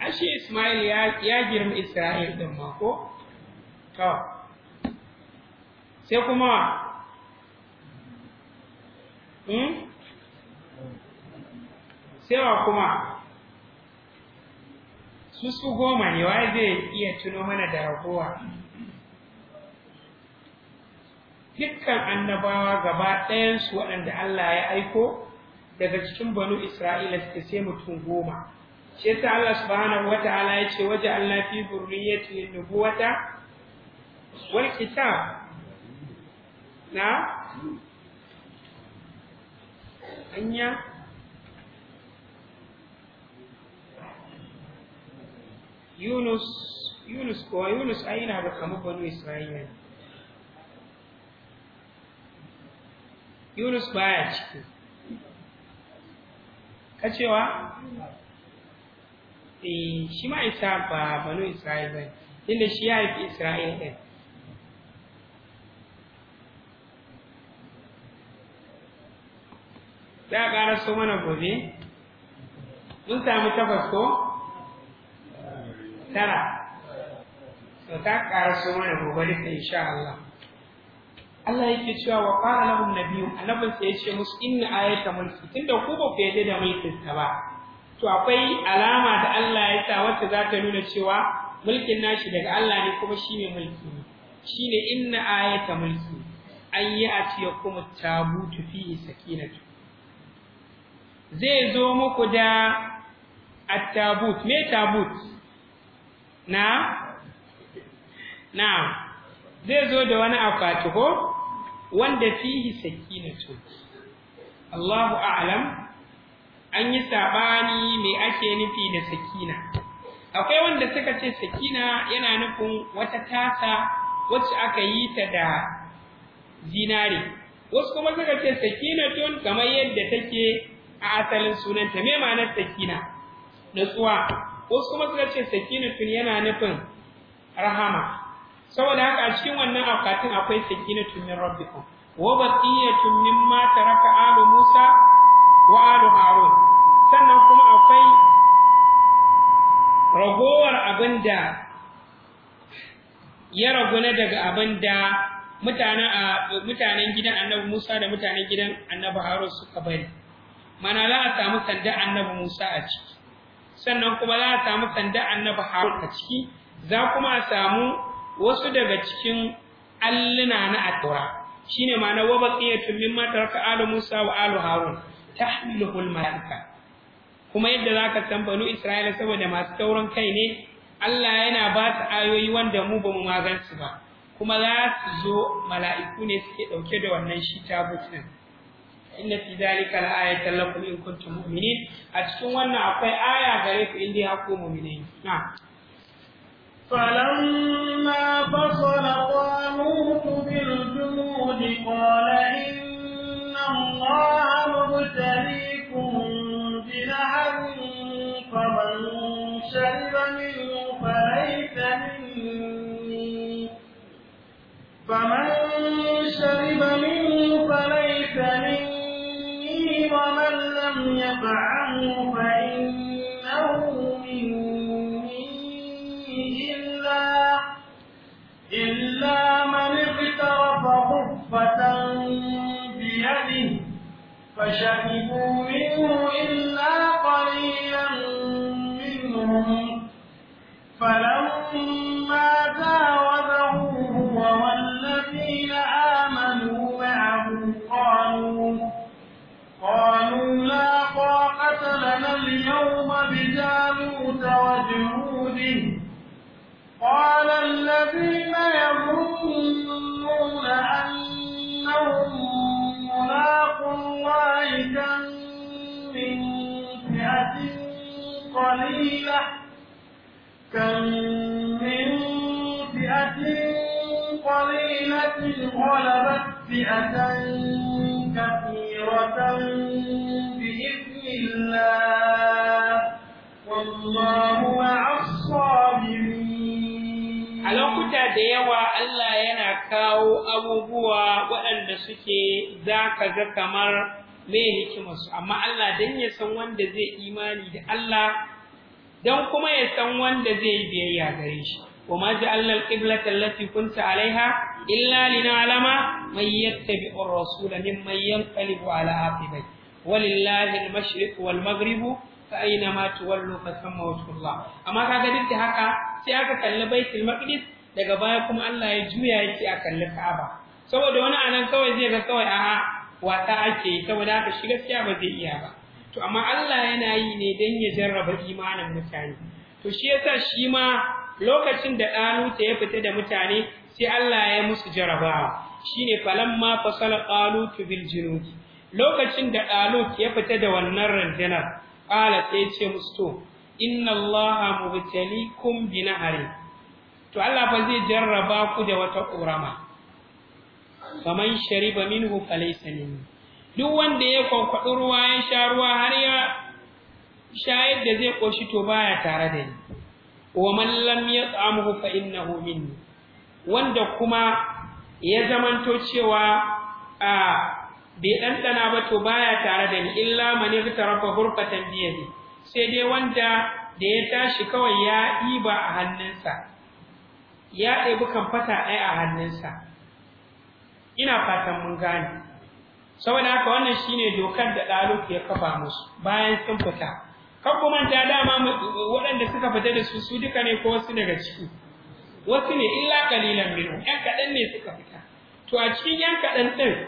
Speaker 1: ashe Ismail ya ya girma Isra'il din ma ko to sai kuma hmm sai wa kuma su su goma ne wai zai iya tuno mana da ragowa dukkan annabawa gaba su waɗanda Allah ya aiko daga cikin banu Isra'ila suke sai mutum goma shi ta Allah subhanahu ta'ala ya ce waje Allah fi zurriyyati nubuwata wal kitab na anya Yunus Yunus ko Yunus aina ba kamar banu Isra'ila Yunus baya ciki kacewa Eh, shi ma isa ba banu isra'il ba inda shi ya haifi isra'il ɗin za a ƙara so mana gobe mun samu takwas ko tara so ta ƙara so mana gobe duka insha Allah Allah yake cewa wa ƙara lahun nabiyu annabin sai ya ce musu inna ayata mulki tunda ku ba ku yadda da mulkin ta ba to akwai alama da Allah ya sa wacce za ta nuna cewa mulkin nashi daga Allah ne kuma shi ne mulki ne shi ne inna ayata mulki an yi a tabut kuma tabutu fi sakinatu zai zo muku da at-tabut me tabut na na zai zo da wani akwati ko wanda fihi sakinatu Allahu a'lam an yi sabani me ake nufi da sakina akwai wanda suka ce sakina yana nufin wata tasa wacce aka yi ta da zinare wasu kuma suka ce Sakina tun kamar yadda take a asalin sunanta me ma'anar sakina natsuwa wasu kuma suka ce Sakina tun yana nufin rahama saboda haka a cikin wannan akwatin akwai Sakina tun min rabbikum wa baqiyatun mimma taraka alu musa wa alu harun sannan kuma akwai ragowar abin da ya raguna daga abin da mutanen gidan annabi Musa da mutanen gidan annabi Harun suka bari mana za a samu sanda annabi Musa a ciki sannan kuma za a samu sanda annabi Harun a ciki za kuma a samu wasu daga cikin alluna na atura shine ma'ana wabatsiyar baqiyatun mimma taraka alu Musa wa alu Harun tahmiluhul mala'ika kuma yadda zaka san banu Isra'ila saboda masu taurin kai ne Allah yana ba su ayoyi wanda mu bamu magansu ba kuma za su zo mala'iku ne suke dauke da wannan shi tabut din inna fi dhalika la'ayatan lakum in kuntum mu'minin a cikin wannan akwai aya
Speaker 2: gare ku in dai haku mu'minai na فلما فصل طالوت بالجنود قال إن الله مبتليكم بنهر فمن شرب منه فليس مني فمن شرب منه فليس مني ومن لم يطعمه فإني فشربوا منه إلا قليلا منهم
Speaker 1: abubuwa waɗanda suke za ka ga kamar mai hikimarsu amma Allah dan ya san wanda zai imani da Allah don kuma ya san wanda zai yi biyayya gare shi wa ma ja'alna al-qiblata allati kunta 'alayha illa lin'alama man yattabi'u ar-rasula mimman yanqalibu 'ala 'aqibai walillahi al-mashriq wal-maghribu fa aina ma tuwallu fa thamma wajhullah amma kaga duk da haka sai aka kalli baitul maqdis daga baya kuma Allah ya juya ya ce a kalli Ka'aba saboda wani anan kawai zai ga kawai ha, wata ake saboda haka shi gaskiya ba zai iya ba to amma Allah yana yi ne dan ya jarraba imanin mutane to shi yasa shi ma lokacin da ɗaluta ya fita da mutane sai Allah ya musu jarabawa shine falamma fasala tu bil junud lokacin da ɗalut ya fita da wannan rundunar qala sai ce musu to inna Allaha mubtalikum bi nahari to Allah fa zai jarraba ku da wata ƙorama faman shariba minhu falaysa minni duk wanda ya kwankwaɗi ruwa ya sha ruwa har ya shayar da zai koshi to baya tare da ni wa man lam yat'amhu fa innahu minni wanda kuma ya zamanto cewa a bai ɗanɗana ba to baya tare da ni illa man yaftarafa hurfatan biyadi sai dai wanda da ya tashi kawai ya ɗiba a hannunsa ya ɗebi kan fata ɗaya a hannunsa ina fatan mun gane saboda haka wannan shine dokar da ɗalib ya kafa musu bayan sun fita kan kuma ta dama waɗanda suka fita da su su duka ne ko wasu daga ciki wasu ne illa qalilan minhu ɗan kaɗan ne suka fita to a cikin ɗan kaɗan ɗin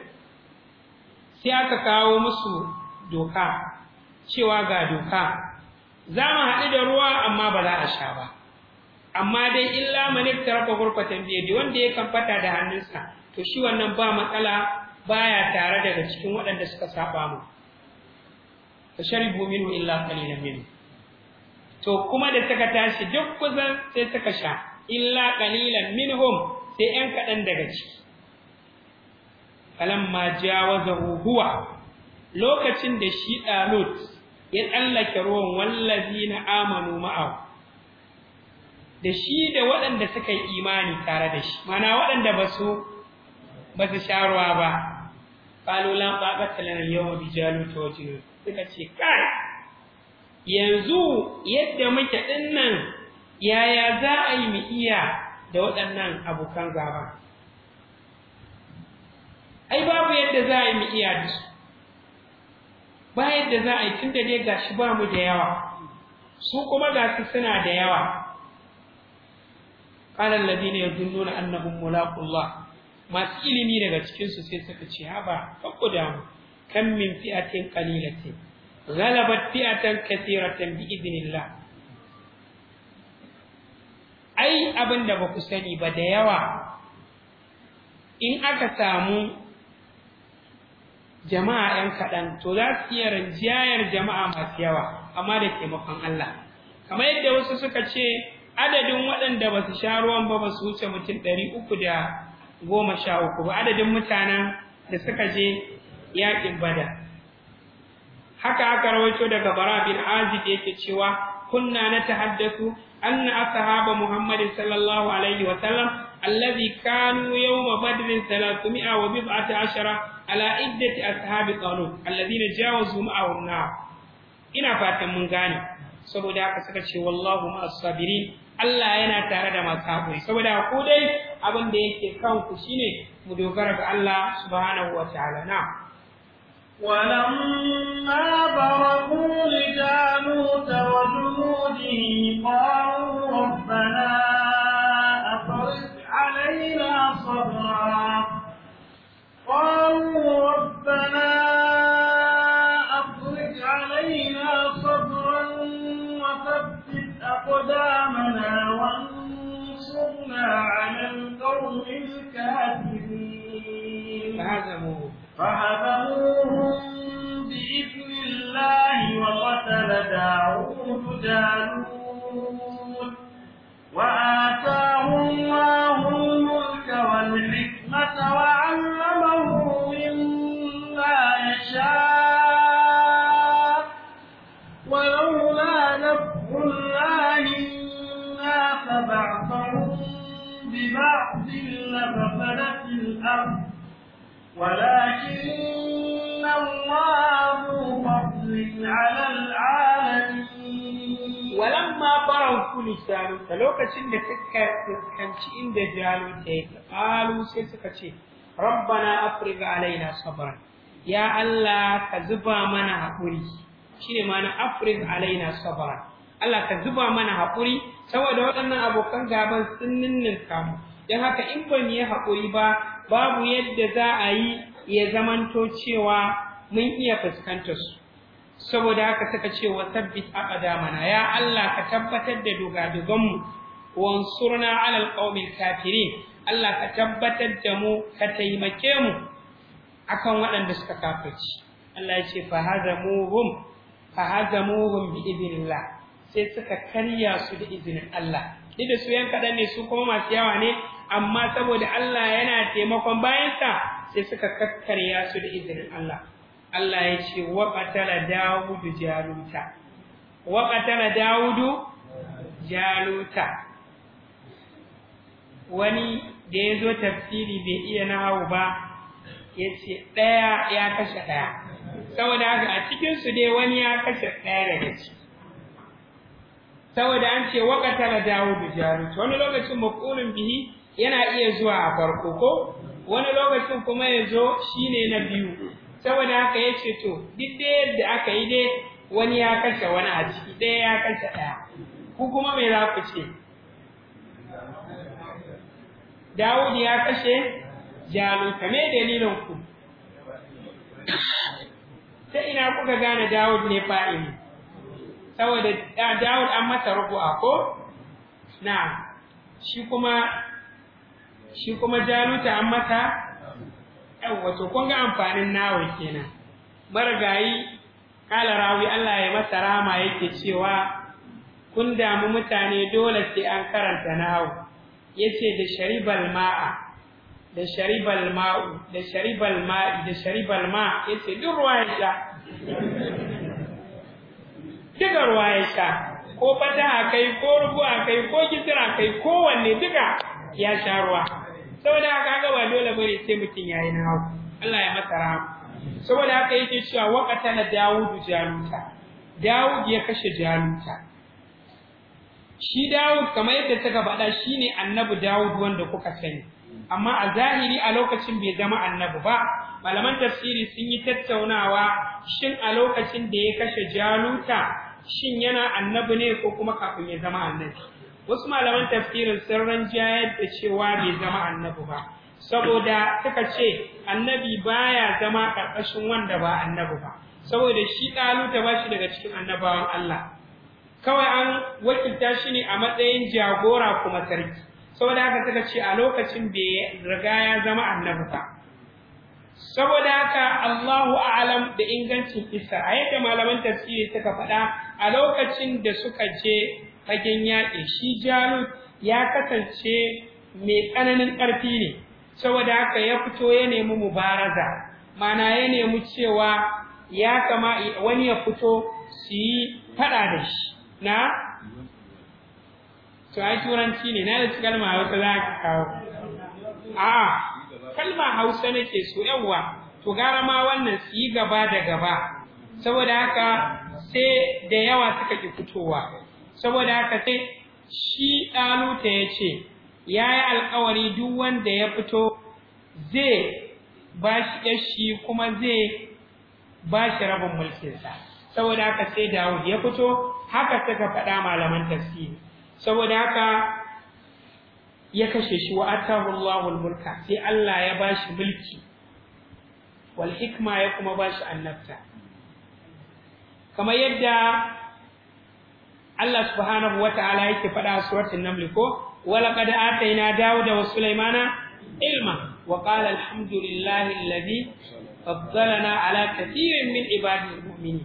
Speaker 1: sai aka kawo musu doka cewa ga doka za mu haɗu da ruwa amma ba za a sha ba amma dai illa manik iktarafa gurfatan bi wanda ya fata da hannunsa to shi wannan ba matsala baya tare daga cikin waɗanda suka saba mu fa sharibu minhu illa qalilan minhu to kuma da suka tashi duk kusan sai suka sha illa qalilan minhum sai 'yan kaɗan daga ciki falamma jawazahu huwa lokacin da shi dalut ya tsallake ruwan wallazina amanu ma'ahu da shi da waɗanda suka yi imani tare da shi mana waɗanda ba su ba su sha ruwa ba qalu ba taqata lana al-yawma bi jalut wa suka ce kai yanzu yadda muke nan yaya za a yi mu iya da waɗannan abokan gaba ai babu yadda za a yi mu iya da su ba yadda za a yi tun da dai gashi ba mu da yawa su kuma su suna da yawa ne alladhina yadunnuna annabin mulaqullah masu ilimi daga cikinsu sai suka ce haba fakku damu kan min fi'atin qalilatin ghalabat fi'atan kathiratan bi idnillah ai abin da ba ku sani ba da yawa in aka samu jama'a ‘yan kaɗan to za su iya rinjiyar jama'a masu yawa amma da taimakon Allah kamar yadda wasu suka ce adadin waɗanda ba su sha ruwan ba ba su wuce mutum ɗari uku da goma sha uku ba adadin mutanen da suka je yaƙin bada haka aka rawaito daga bara bin azib yake cewa kunna na tahaddasu anna ashaba muhammadin sallallahu alaihi wa sallam alladhi kanu yawma badrin 300 wa bid'ati ashara ala iddati ashabi qalu alladhina jawazu ma'ahum na ina fatan mun gane saboda haka suka ce wallahu ma'as sabirin Allah yana tare da masu haƙuri saboda ku dai abin da yake kanku shine mu dogara ga Allah subhanahu wa ta'ala na
Speaker 2: ولما برقوا لجانوت وجنوده قالوا ربنا أفرج علينا صبرا قالوا ربنا أفرج علينا صبرا وثبت أقدامنا وانصرنا فانتصرنا على القوم الكافرين فهزموهم فهزموهم بإذن الله وقتل داوود داوود
Speaker 1: iddu lokacin da suka fuskanci inda jalu ta yi qalu sai suka ce rabbana afrigh alaina sabran ya Allah ka zuba mana hakuri shine ma'ana afrigh alaina sabran Allah ka zuba mana hakuri saboda waɗannan abokan gaban sun ninninka mu dan haka in ban yi hakuri ba babu yadda za a yi ya zamanto cewa mun iya fuskantar su saboda haka suka ce wa sabbit aqdamana ya Allah ka tabbatar da dogadogan mu wansurna ala alqaumil kafirin Allah ka tabbatar da mu ka taimake mu akan waɗanda suka kafirci Allah ya ce fa hazamuhum fa hazamuhum bi idnillah sai suka karya su da izinin Allah duk da su yan kadan ne su kuma masu yawa ne amma saboda Allah yana taimakon bayansa sai suka kakkarya su da izinin Allah Allah ya ce wa qatala Dawudu Jaluta wa qatala Dawudu Jaluta wani da ya zo tafsiri bai iya hau ba ya ce ɗaya ya kashe ɗaya saboda haka a cikinsu dai wani ya kashe ɗaya daga ciki saboda an ce waƙatala dawudu jaluta wani lokacin mafulun bihi yana iya zuwa a farko ko wani lokacin kuma ya zo shine na biyu saboda haka ya ce to duk da yadda aka yi dai wani ya kashe wani a ciki ɗaya ya kashe ɗaya ku kuma me za ku ce Dawud ya kashe Jaluta me dalilin ku ta ina kuka gane Dawud ne fa'ili saboda Dawud an masa a ko na shi kuma shi kuma Jaluta an masa yawwa to kun ga amfanin nawa kenan marigayi kala rawi Allah ya masa rama yake cewa kun damu mutane dole sai an karanta nawa yace da sharibal ma'a da sharibal ma'u da sharibal ma'i da sharibal ma yace duk ruwa ya sha duka ruwa ya sha ko fata kai, ko rubu kai, ko kisira kai kowanne duka ya sha ruwa saboda kaga ba dole bane sai mutum yayi na hawo Allah ya masa rahama saboda haka yake cewa waqata na Dawud jaluta Dawud ya kashe jaluta shi Dawud kamar yadda suka faɗa shine annabi Dawud wanda kuka sani amma a zahiri a lokacin bai zama annabi ba malaman tafsiri sun yi tattaunawa shin a lokacin da ya kashe jaluta shin yana annabi ne ko kuma kafin ya zama annabi wasu malaman tafsirin sun ranjayar da cewa bai zama annabi ba saboda suka ce annabi baya zama karkashin wanda ba annabi ba saboda shi ɗaluta ba shi daga cikin annabawan Allah kawai an wakilta shi ne a matsayin jagora kuma sarki saboda haka suka ce a lokacin bai riga ya zama annabi ba saboda haka Allahu a'lam da ingancin isa a yadda malaman tafsiri suka faɗa a lokacin da suka je fagen yaƙi shi jalut ya kasance mai tsananin ƙarfi ne saboda haka ya fito ya nemi mubaraza mana ya nemi cewa ya kama wani ya fito su yi faɗa da shi na to turanci ne na da kalma hausa za ka kawo
Speaker 2: a'a kalma hausa nake
Speaker 1: so yawwa to gara ma wannan su yi gaba da gaba
Speaker 2: saboda haka
Speaker 1: sai da yawa suka ki fitowa saboda haka sai shi ɗaluta ya ce ya yi alkawari duk wanda ya fito zai ba shi kuma zai ba shi rabin mulkinsa saboda haka sai dawud ya fito haka suka faɗa malaman tafsiri saboda haka ya kashe shi wa atahu mulka sai Allah ya ba shi mulki wal hikma ya kuma ba shi annabta kamar yadda Allah subhanahu wataala yake faɗa a suratul naml ko da آتينا داود ilma? علما وقال الحمد لله الذي فضلنا على كثير من عباده المؤمنين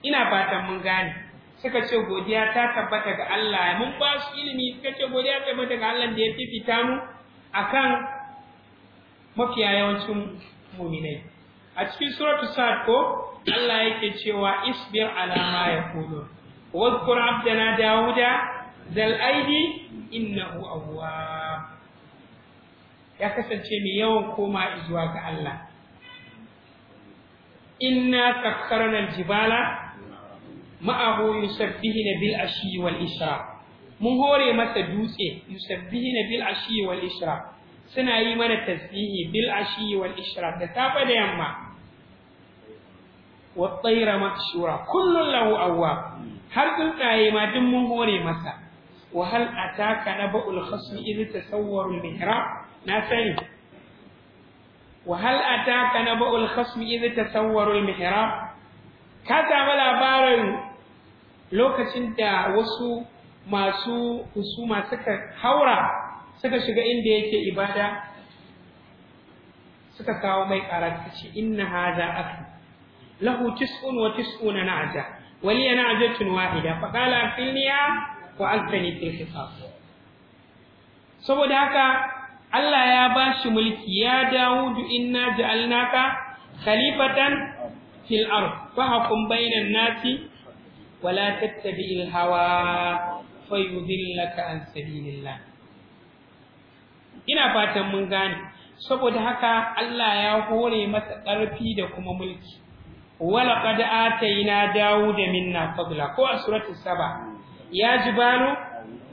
Speaker 1: ina fatan mun gane suka ce godiya ta tabbata ga Allah mun ba su ilimi suka ce godiya ta tabbata ga Allah da ya fifita mu akan mafiya yawancin mu'minai a cikin suratu sa'ad ko Allah yake cewa isbir alama ya yaqulu wa zkur abdana dauda dal aidi innahu awwab ya kasance mai yawan koma zuwa ga Allah inna sakkarna Jibala, ma'ahu yusabbihuna bil ashi isra mun hore masa dutse yusabbihuna bil ashi wal isra suna yi mana tasbihi bil ashi isra da safe da yamma wa tsaira mashura kullun lahu awwa har tsuntsaye ma duk mun hore masa wa hal ataka na sani wa hal ataka naba'ul khasmi ka samu labarin lokacin da wasu masu husuma suka haura suka shiga inda yake ibada suka kawo mai ƙara ta له تسع وتسعون نعجة ولي نعجة واحدة فقال أكلنيها وألتني في الخصاص saboda haka Allah ya ba shi mulki ya Dawudu inna ja'alnaka khalifatan fil ard fahkum bainan nasi wala tattabi'il hawa fayudillaka an sabilillah ina fatan mun gane saboda haka Allah ya hore masa ƙarfi da kuma mulki da ولقد آتينا داود منا فضلا كو سورة السبع يا جبال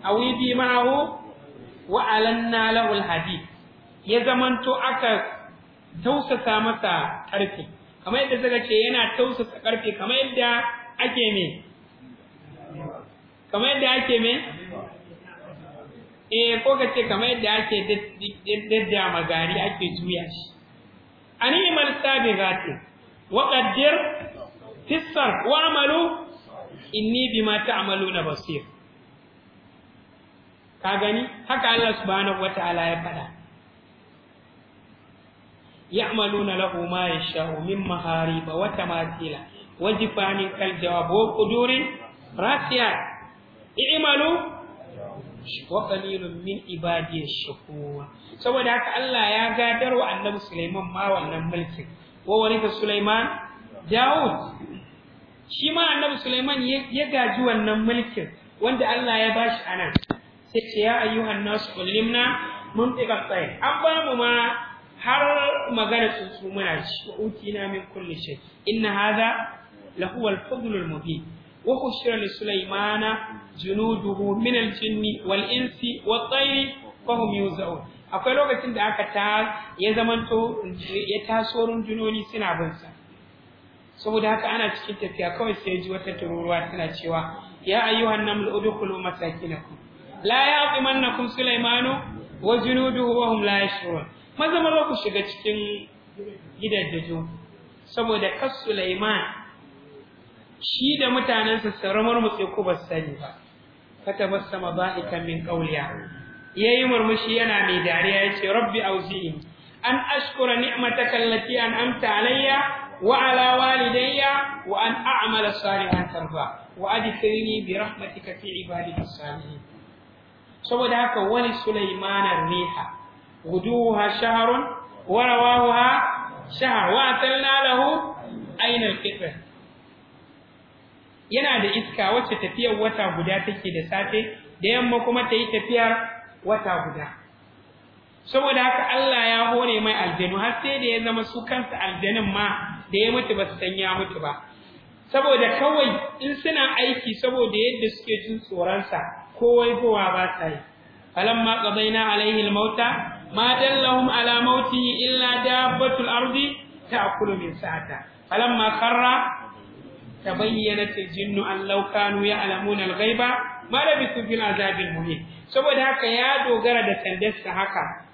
Speaker 1: أويبي معه وألنا له الحديد ya zamanto aka tausasa masa ƙarfi kamar yadda suka ce yana tausasa ƙarfi kamar yadda ake me kamar yadda ake me eh ko ka ce kamar yadda ake dadda magari ake juya shi animal sabirati waƙaddir fissan wa'amalu inni bima ta'maluna basir ka gani haka Allah subhanahu wa Ta'ala ya faɗa ya'maluna lahu ma yasha'u min mahariba wa tamathila wa jifanin kal jawab wa qudurin rasiya i'malu wa qalilun min ibadiy shakur saboda haka Allah ya gadar wa annabi Sulaiman ma wannan mulkin wa warisa Sulaiman Dawud shi ma annabi Sulaiman ya gaji wannan mulkin wanda Allah ya bashi anan sai ce ya ayyuhan nas ulimna mun tiqa tsaye an ba mu ma har magana tsuntsu muna ci wa utina min kulli shay inna hadha lahu al-fadl al-mubin وحشر لسليمان جنوده من الجن والإنس والطير فهم akwai lokacin da aka ta ya zamanto ya taso rundunoni suna bin sa saboda haka ana cikin tafiya kawai sai ji wata tururuwa tana cewa ya ayyuhan naml udkhulu masakinakum la ya'timannakum sulaymanu wa junuduhu wa hum la yashurun maza maza ku shiga cikin gidajjaju saboda kas sulayman shi da mutanansa saramar mutse ku ba sani ba kata masama ba'ika min qawliya yayi murmushi yana mai dariya yace rabbi auzi'in an ashkura ni'mataka allati an'amta alayya wa ala walidayya wa an a'mala salihan tarda wa adkhilni bi rahmatika fi ibadika salihin saboda haka wani sulaimana riha guduha shahrun wa rawaha shahr wa atalna lahu ainal qitr yana da iska wacce tafiyar wata guda take da safe da yamma kuma ta yi tafiyar wata guda saboda haka Allah ya hore mai aljanu har sai da ya zama su kansa aljanin ma da ya mutu ba su san ya mutu ba saboda kawai in suna aiki saboda yadda suke jin tsoron sa, ko kowa ba sa yi ma qadaina alaihi almauta ma dallahum ala mauti illa dabbatul ardi ta'kulu min sa'ata ma kharra tabayyana aljinnu an law kanu ya'lamuna alghayba sun fil azabil muhin saboda haka ya dogara da tandarsa haka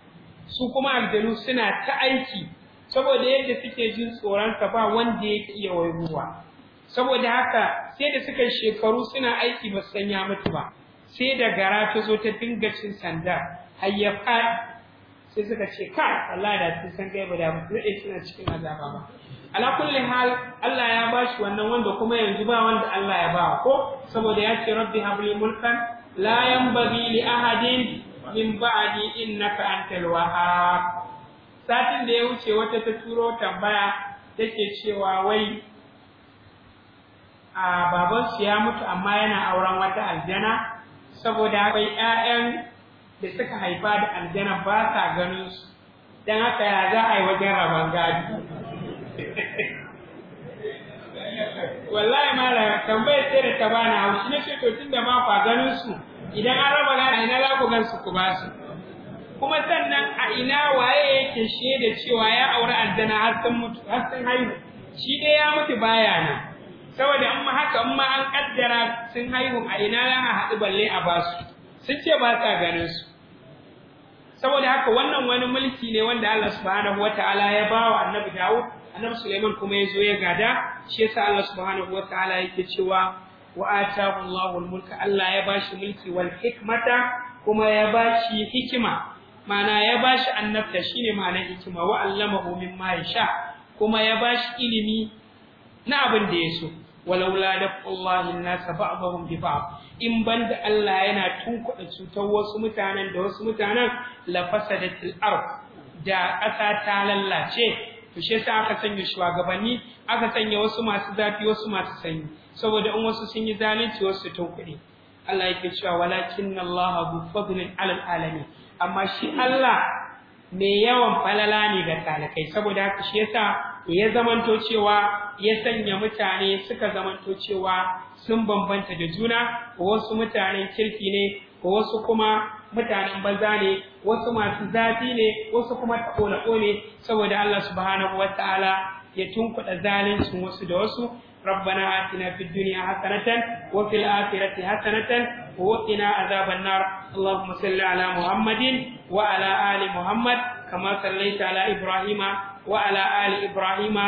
Speaker 1: su kuma aljanu suna ta aiki saboda yadda suke jin tsoronsa ba wanda yake iya waiwuwa saboda haka sai da suka shekaru suna aiki ba san ya mutu ba sai da gara ta zo ta dinga cin sanda har ya sai suka ce ka Allah da sun san ba da mutu zai suna cikin azaba ba ala kulli hal Allah ya bashi wannan wanda kuma yanzu ba wanda Allah ya ba ko saboda ya ce rabbi habli mulkan la yanbaghi li ahadin min ba'di innaka antal wahhab satin da ya wuce wata ta turo tambaya take cewa wai a baban shi ya mutu amma yana auren wata aljana saboda akwai ƴaƴan da suka haifa da aljana ba sa ganin su dan haka ya za a yi wajen rabon gadi
Speaker 2: wallahi malam tambayar ce da ta bani haushi na
Speaker 1: ce to tunda ma fa ganin su idan an raba gana ina za ku gan ku ba su kuma sannan a ina waye yake shi da cewa ya aure aljana har sun mutu har sun haihu shi dai ya mutu baya na saboda amma haka amma an kaddara sun haihu a ina za a haɗu balle a ba su sun ce ba sa ganin su saboda haka wannan wani mulki ne wanda Allah subhanahu wataala ya ba wa annabi Dawud annabi Suleiman kuma ya zo ya gada shi yasa Allah subhanahu wataala yake cewa wa atahu Allahu Allah ya bashi mulki wal hikmata kuma ya bashi hikima mana ya bashi annabta shine ma'ana hikima wa allamahu mimma yasha kuma ya bashi ilimi na abin da ya so walaula dafullahi an-nas ba'dahum bi ba'd in banda Allah yana tunkuɗa cutar wasu mutanen da wasu mutanen la fasadatil ard da ƙasa ta lallace to shi yasa aka sanya shugabanni aka sanya wasu masu zafi wasu masu sanyi saboda in wasu sun yi zalunci wasu tun kuɗi Allah yake cewa walakin Allah bu fadlin alal alami amma shi Allah me yawan falala ne ga talakai saboda haka shi yasa ya zamanto cewa ya sanya mutane suka zamanto cewa sun bambanta da juna wasu mutane kirki ne wasu kuma mutanen banza ne wasu masu zafi ne wasu kuma tako ne saboda Allah subhanahu wataala ya tunkuɗa zalincin wasu da wasu rabbana atina fid dunya hasanatan wa fil akhirati hasanatan wa qina azaban na. allahumma salli ala muhammadin wa ala ali muhammad kamar sallaita ala ibrahima wa ali ibrahima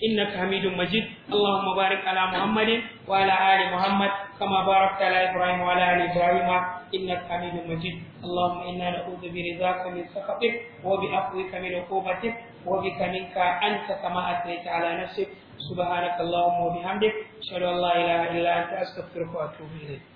Speaker 1: innaka hamidum majid allahumma barik ala muhammadin وعلى آل محمد كما باركت على إبراهيم وعلى آل إبراهيم إنك حميد مجيد اللهم إنا نعوذ برضاك من سخطك وبعفوك من عقوبتك وبك منك أنت كما أثنيت على نفسك سبحانك اللهم وبحمدك أشهد أن لا إله إلا أنت أستغفرك وأتوب إليك